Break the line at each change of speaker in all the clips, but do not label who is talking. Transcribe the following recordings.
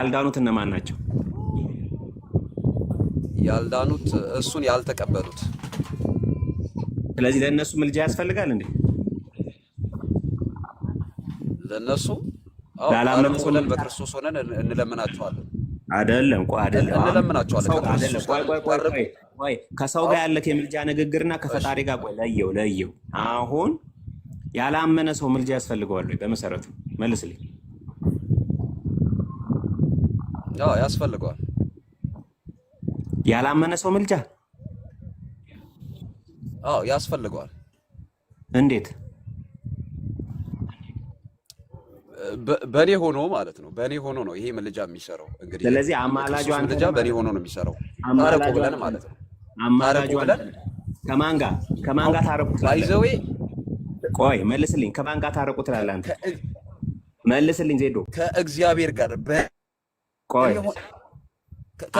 ያልዳኑት እነማን ናቸው? ያልዳኑት እሱን ያልተቀበሉት። ስለዚህ ለእነሱ ምልጃ ያስፈልጋል እንዴ? ለእነሱ ላላመኑት
በክርስቶስ ሆነን እንለምናቸዋለን።
አይደለም ቆይ፣ አይደለም
እንለምናቸዋለን።
ከሰው ጋር ያለ የምልጃ ንግግርና ከፈጣሪ ጋር ቆይ፣ ለየው ለየው። አሁን ያላመነ ሰው ምልጃ ያስፈልገዋል ወይ? በመሰረቱ መልስልኝ ያስፈልገዋል። ያላመነ ሰው ምልጃ
አዎ ያስፈልገዋል። እንዴት? በእኔ ሆኖ ማለት ነው። በእኔ ሆኖ ነው ይሄ ምልጃ የሚሰራው።
እንግዲህ ስለዚህ አማላጁ አንተ
ምልጃ በእኔ ሆኖ ነው የሚሰራው። ታረቁ ብለን ማለት ነው።
አማላጇ ከማን ጋር ከማን ጋር ታረቁ? ባይዘዌ ቆይ መልስልኝ። ከማን ጋር ታረቁ ትላለህ አንተ? መልስልኝ ዜዶ
ከእግዚአብሔር ጋር
ቆይ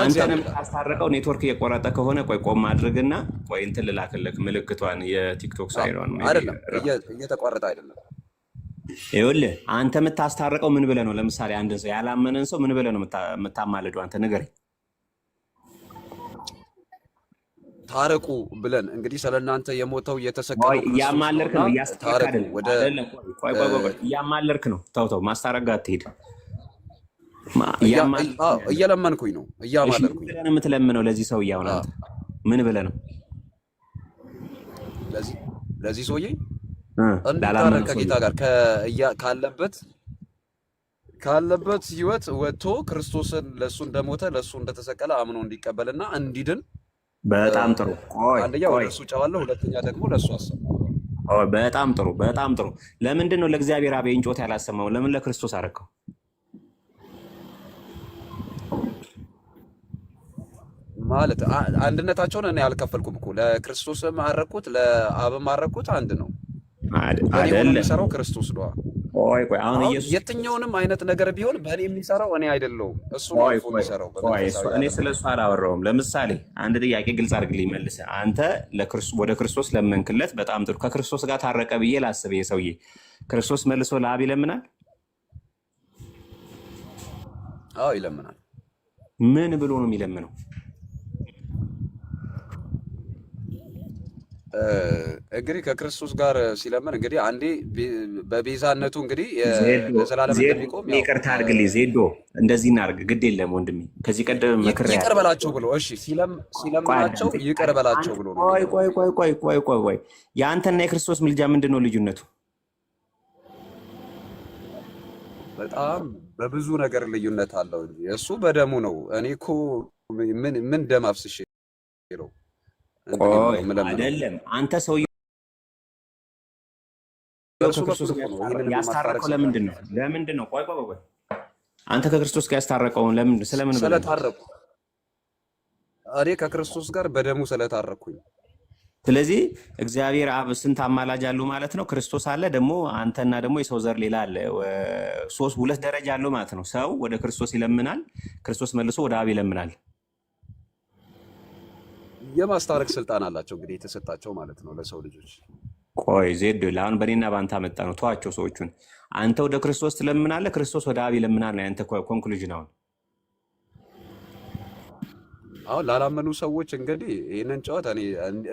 አንተንም ካስታረቀው ኔትወርክ እየቆረጠ ከሆነ ቆይ ቆም አድርግና ቆይ እንትን ልላክልክ ምልክቷን የቲክቶክ ሳይሆን
እየተቋረጠ አይደለም።
ይኸውልህ አንተ የምታስታርቀው ምን ብለህ ነው? ለምሳሌ አንድን ሰው ያላመነን ሰው ምን ብለህ ነው የምታማልደው? አንተ ንገረኝ።
ታረቁ ብለን እንግዲህ ስለ እናንተ የሞተው የተሰቀለው
እያማለርክ ነው። እያማለርክ ነው። ተው ተው፣ ማስታረቅ ጋር አትሄድ እየለመንኩኝ ነው እያማለልኩኝ የምትለምነው ለዚህ ሰው እያሁን ምን ብለህ ነው
ለዚህ ሰውዬ እንድታረቅ ከጌታ ጋር ካለበት ካለበት ህይወት ወጥቶ ክርስቶስን ለእሱ እንደሞተ ለእሱ እንደተሰቀለ አምኖ እንዲቀበልና እንዲድን። በጣም ጥሩ። አንደኛ ወደ እሱ ጨዋለሁ፣ ሁለተኛ ደግሞ ለእሱ አሰማ።
በጣም ጥሩ፣ በጣም ጥሩ። ለምንድን ነው ለእግዚአብሔር አብ ጮት ያላሰማው? ለምን ለክርስቶስ አረከው?
ማለት አንድነታቸውን እኔ አልከፈልኩም እኮ ለክርስቶስም አረኩት ለአብም አረኩት አንድ ነው። የሚሰራው ክርስቶስ ደ የትኛውንም አይነት ነገር ቢሆን በእኔ የሚሰራው እኔ አይደለሁም
እሱ የሚሰራው። እኔ ስለ እሱ ለምሳሌ አንድ ጥያቄ ግልጽ አድርግልኝ መልሰህ። አንተ ወደ ክርስቶስ ለመንክለት፣ በጣም ጥሩ። ከክርስቶስ ጋር ታረቀ ብዬ ላስብ። የሰውዬ ክርስቶስ መልሶ ለአብ ይለምናል? አዎ ይለምናል። ምን ብሎ ነው የሚለምነው?
እንግዲህ ከክርስቶስ ጋር ሲለምን እንግዲህ አንዴ በቤዛነቱ እንግዲህ
ለዘላለም ሚቆም ይቅርታ አድርግልኝ ዜዶ፣ እንደዚህ እናድርግ፣ ግድ የለም ወንድሜ። ከዚህ ቀደም
ምክር ይቅር በላቸው ብሎ እሺ፣ ሲለምናቸው ይቅር በላቸው ብሎ
ነው። ቆይ ቆይ ቆይ ቆይ ቆይ ቆይ የአንተና የክርስቶስ ምልጃ ምንድን ነው ልዩነቱ?
በጣም በብዙ ነገር ልዩነት አለው እሱ በደሙ ነው። እኔ እኮ ምን ምን ደም አፍስሼ ነው
አይደለም አንተ ሰውየ ከክርስቶስ ያስታረቀው ለምንድን ነው? ለምንድን ነው? ቆይ ቆይ ቆይ አንተ ከክርስቶስ ጋር ያስታረቀውን ለምንድን ስለምን
ስለታረቁ? እኔ ከክርስቶስ ጋር በደሙ ስለታረኩኝ።
ስለዚህ እግዚአብሔር አብ ስንት አማላጅ አሉ ማለት ነው? ክርስቶስ አለ፣ ደግሞ አንተና ደግሞ የሰው ዘር ሌላ አለ። ሶስት ሁለት ደረጃ አለው ማለት ነው። ሰው ወደ ክርስቶስ ይለምናል፣ ክርስቶስ መልሶ ወደ አብ ይለምናል።
የማስታረቅ ስልጣን አላቸው እንግዲህ የተሰጣቸው ማለት ነው ለሰው ልጆች።
ቆይ ዜድ ለአሁን በእኔና በአንተ መጣ ነው። ተዋቸው ሰዎቹን። አንተ ወደ ክርስቶስ ትለምናለህ፣ ክርስቶስ ወደ አብ ይለምናል ነው ያንተ ኮንክሉዥን አሁን
አሁን ላላመኑ ሰዎች እንግዲህ ይህንን ጨዋታ እኔ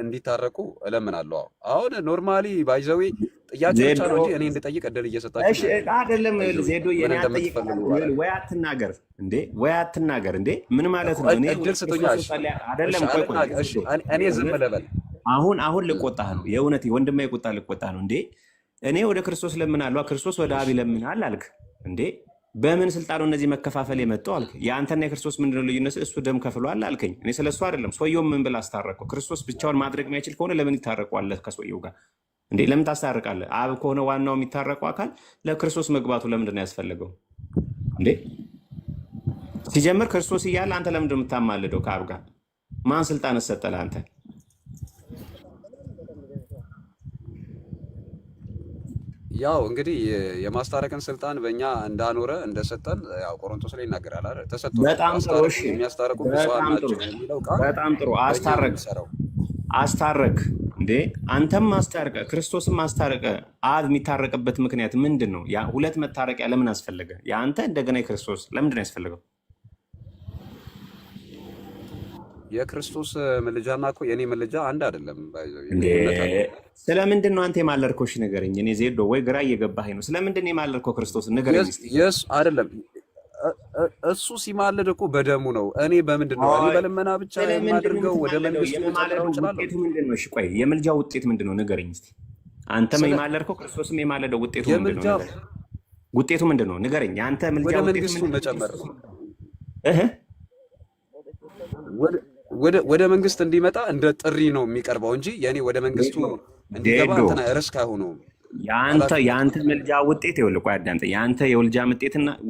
እንዲታረቁ እለምናለሁ። አሁን ኖርማሊ ባይዘዊ ጥያቄ ብቻ ነው እንጂ እኔ እንድጠይቅ እድል እየሰጣችሁ
አይደለም። ዜዶ ወይ አትናገር እንዴ! ወይ አትናገር እንዴ! ምን ማለት ነው?
እድል ስጡኝ። አይደለም እኔ ዝም ልበል?
አሁን አሁን ልቆጣህ ነው። የእውነት ወንድማ የቆጣ ልቆጣ ነው እንዴ! እኔ ወደ ክርስቶስ ለምናለሁ፣ ክርስቶስ ወደ አብ ይለምናል አልክ እንዴ! በምን ነው እነዚህ መከፋፈል የመጡ አልክ። የአንተና የክርስቶስ ምንድነው ልዩነት? እሱ ደም ከፍሏል አልከኝ። እኔ ስለ እሱ አይደለም። ሰውየው ምን ብል አስታረቀው? ክርስቶስ ብቻውን ማድረግ የሚያችል ከሆነ ለምን ይታረቀዋለህ? ከሰውየው ጋር እንዴ ለምን ታስታርቃለህ? አብ ከሆነ ዋናው የሚታረቀው አካል ለክርስቶስ መግባቱ ለምንድነው ያስፈለገው? እንዴ ሲጀምር ክርስቶስ እያለ አንተ ለምንድነው የምታማልደው ከአብ ጋር? ማን ስልጣን ሰጠ ለአንተ?
ያው እንግዲህ የማስታረቅን ስልጣን በእኛ እንዳኖረ እንደሰጠን ያው ቆሮንቶስ ላይ ይናገራል አይደል? ተሰጥቶ
በጣም ጥሩ። እሺ የሚያስታርቁ ብፁዓን ናቸው የሚለው ቃል በጣም ጥሩ። አስታረቅ አስታረቅ እንዴ አንተም ማስታረቀ ክርስቶስም ማስታረቀ። አብ የሚታረቅበት ምክንያት ምንድን ነው? ሁለት መታረቂያ ለምን አስፈለገ? የአንተ እንደገና የክርስቶስ ለምንድን ነው ያስፈለገው?
የክርስቶስ ምልጃና እኮ የኔ ምልጃ አንድ አይደለም።
ስለምንድን ነው አንተ የማለርከው? እሺ ንገረኝ። እኔ ዜዶ ወይ ግራ እየገባህ ነው። ስለምንድን ነው የማለርከው? ክርስቶስ ንገረኝ።
አይደለም እሱ ሲማልድ እኮ በደሙ ነው። እኔ በምንድን ነው እኔ በልመና ብቻ
የማደርገው? ወደ መንግስቱ ምንድን ነው? ቆይ የምልጃ ውጤት ምንድን ነው? ንገረኝ እስኪ። አንተም የማለርከው ክርስቶስም የማለደው ውጤቱ ምንድን ነው? ውጤቱ ምንድን ነው? ንገረኝ። አንተ
ምልጃ ውጤቱ ምንድን ነው? ወደ መንግስት እንዲመጣ እንደ ጥሪ ነው የሚቀርበው እንጂ የኔ ወደ መንግስቱ
እንዲገባ እንትና
ርስ አይሆነውም።
የአንተ የአንተ ምልጃ ውጤት ይኸውልህ፣ ቆይ አዳምጠኝ። የአንተ የውልጃ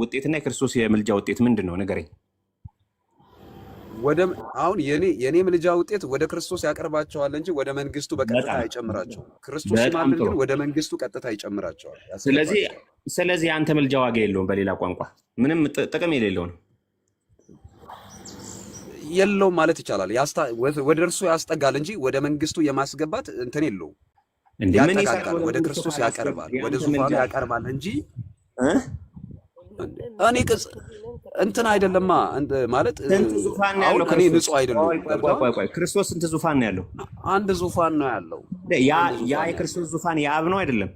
ውጤትና የክርስቶስ የምልጃ ውጤት ምንድን ነው? ንገረኝ።
ወደ አሁን የኔ ምልጃ ውጤት ወደ ክርስቶስ ያቀርባቸዋል እንጂ ወደ መንግስቱ በቀጥታ አይጨምራቸው። ክርስቶስ ማምን ግን ወደ መንግስቱ ቀጥታ ይጨምራቸዋል።
ስለዚህ ስለዚህ የአንተ ምልጃ ዋጋ የለውም። በሌላ ቋንቋ ምንም ጥቅም የሌለው ነው።
የለው ማለት ይቻላል። ወደ እርሱ ያስጠጋል እንጂ ወደ መንግስቱ የማስገባት እንትን የለው። ያጠቃቃል፣ ወደ ክርስቶስ ያቀርባል፣ ወደ ዙፋኑ ያቀርባል እንጂ እኔ ቅጽ እንትን አይደለማ ማለት
እኔ ንጹህ አይደለም። ክርስቶስ ስንት ዙፋን ነው ያለው?
አንድ ዙፋን ነው ያለው።
ያ የክርስቶስ ዙፋን የአብ ነው አይደለም?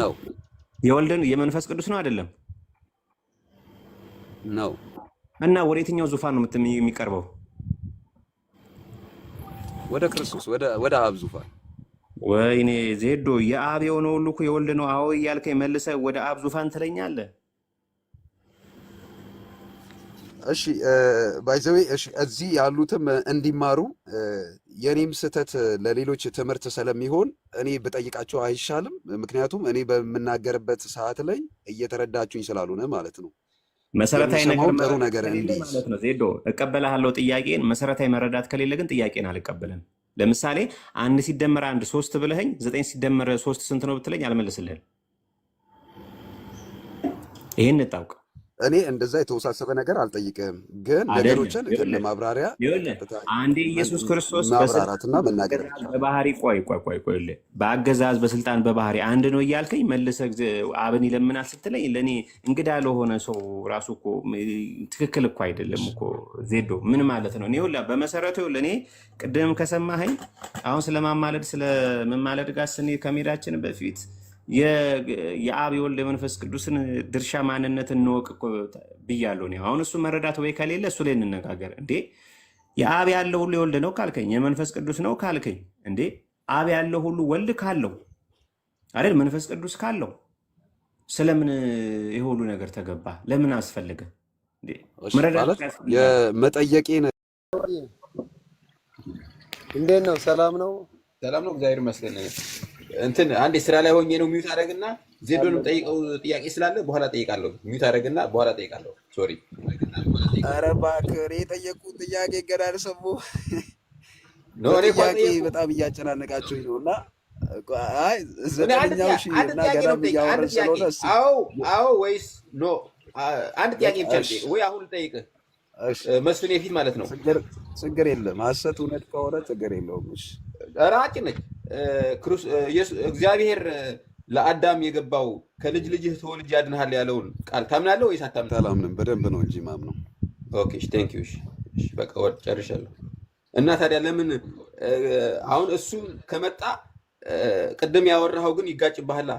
ነው የወልድን የመንፈስ ቅዱስ ነው አይደለም? ነው እና ወደ የትኛው ዙፋን ነው የሚቀርበው?
ወደ ክርስቶስ ወደ አብ ዙፋን።
ወይኔ ዜዶ የአብ የሆነ ሁሉ እኮ የወልድ ነው። አዎ እያልከኝ መልሰህ ወደ አብ ዙፋን ትለኛለህ።
እሺ ባይዘዌ እዚህ ያሉትም እንዲማሩ የኔም ስህተት ለሌሎች ትምህርት ስለሚሆን እኔ ብጠይቃቸው አይሻልም? ምክንያቱም እኔ በምናገርበት ሰዓት ላይ እየተረዳችሁኝ ስላልሆነ ማለት ነው። መሰረታዊ ነገር ነገር
ማለት ነው። ዜዶ እቀበላለሁ ጥያቄን መሰረታዊ መረዳት ከሌለ ግን ጥያቄን አልቀበልም። ለምሳሌ አንድ ሲደመር አንድ ሶስት ብለኸኝ ዘጠኝ ሲደመር ሶስት ስንት ነው ብትለኝ አልመልስልህም። ይህን እንጣውቅ
እኔ እንደዛ የተወሳሰበ ነገር አልጠይቅም፣ ግን ነገሮችን ግን ማብራሪያ
አንዴ ኢየሱስ ክርስቶስ
ማብራራትና መናገር
በባህሪ ቆይ ቆይ ቆይ ቆይ በአገዛዝ በስልጣን በባህሪ አንድ ነው እያልከኝ መልሰ አብን ይለምናል ስትለኝ ለእኔ እንግዳ ለሆነ ሰው ራሱ እኮ ትክክል እኮ አይደለም እኮ ዜዶ ምን ማለት ነው? እኔ ሁላ በመሰረቱ ለእኔ ቅድም ከሰማኸኝ አሁን ስለማማለድ ስለመማለድ ጋር ስኔ ከሜዳችን በፊት የአብ የወልድ የመንፈስ ቅዱስን ድርሻ ማንነት እንወቅ ብያለሁ። አሁን እሱ መረዳት ወይ ከሌለ እሱ ላይ እንነጋገር እንዴ። የአብ ያለ ሁሉ የወልድ ነው ካልከኝ የመንፈስ ቅዱስ ነው ካልከኝ፣ እንዴ አብ ያለ ሁሉ ወልድ ካለው አይደል መንፈስ ቅዱስ ካለው ስለምን ይሄ ሁሉ ነገር ተገባ? ለምን አስፈለገ?
መጠየቄ ነው። እንዴት ነው? ሰላም ነው።
ሰላም ነው። እግዚአብሔር ይመስገን። እንትን አንዴ ስራ ላይ ሆኜ ነው ሚዩት አደረግና ዜዶን ጠይቀው ጥያቄ ስላለ በኋላ ጠይቃለሁ። ሚዩት አደረግና በኋላ ጠይቃለሁ። ሶሪ።
ኧረ እባክህ የጠየቁት ጥያቄ ገና አልሰማሁም።
ጥያቄ በጣም እያጨናነቃችሁኝ ነው እና
ዘጠነኛው እና ገና እያወራን ስለሆነ አዎ ወይስ ኖ? አንድ ጥያቄ ብቻ ወይ አሁን ልጠይቅህ
መስፍን የፊት ማለት ነው።
ችግር የለም አሰት እውነት ከሆነ ችግር የለውም።
ኧረ አጭ ነች እግዚአብሔር ለአዳም የገባው ከልጅ ልጅህ ተወልጅ ያድንሃል ያለውን ቃል ታምናለህ ወይስ አታምናለህ?
አላምንም። በደንብ ነው እንጂ ማምነው።
ኦኬ ቴንክ ዩ። በቃ ጨርሻለሁ። እና ታዲያ ለምን አሁን እሱ ከመጣ ቅድም ያወራኸው ግን ይጋጭብሃላ።